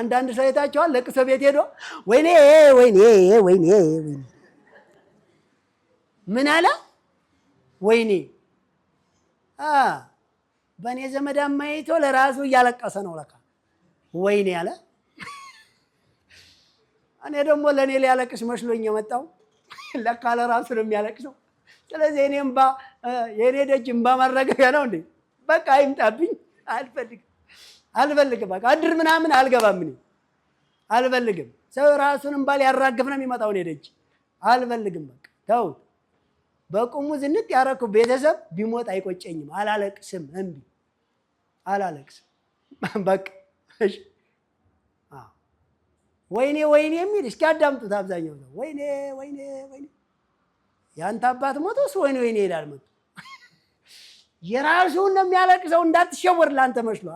አንዳንድ ሰው የታቸዋል ለቅሶ ቤት ሄዶ ወይኔ ወይኔ ወይኔ ወይኔ ምን አለ ወይኔ በእኔ ዘመድ አማይቶ ለራሱ እያለቀሰ ነው ለካ ወይኔ አለ። እኔ ደግሞ ለእኔ ሊያለቅስ መስሎኝ የመጣው ለካ ለራሱ ነው የሚያለቅሰው። ስለዚህ እኔ የእኔ ደጅ እምባ ማረገፊያ ነው እንዴ? በቃ ይምጣብኝ አልፈልግም። አልፈልግም። በቃ እድር ምናምን አልገባም። እኔ አልፈልግም። ሰው ራሱንም ባል ያራግፍ ነው የሚመጣው እኔ ደጅ አልፈልግም። በቃ ተው። በቁሙ ዝንጥ ያረኩ ቤተሰብ ቢሞት አይቆጨኝም። አላለቅስም። እምቢ አላለቅስም። በቃ እሺ ወይኔ ወይኔ የሚል እስኪ አዳምጡት። አብዛኛው ነው ወይኔ ወይኔ ወይኔ ያንተ አባት ሞቶስ ወይኔ ወይኔ ይላል። መቶ የራሱን ነው የሚያለቅሰው። እንዳትሸወር ላንተ መስሏል።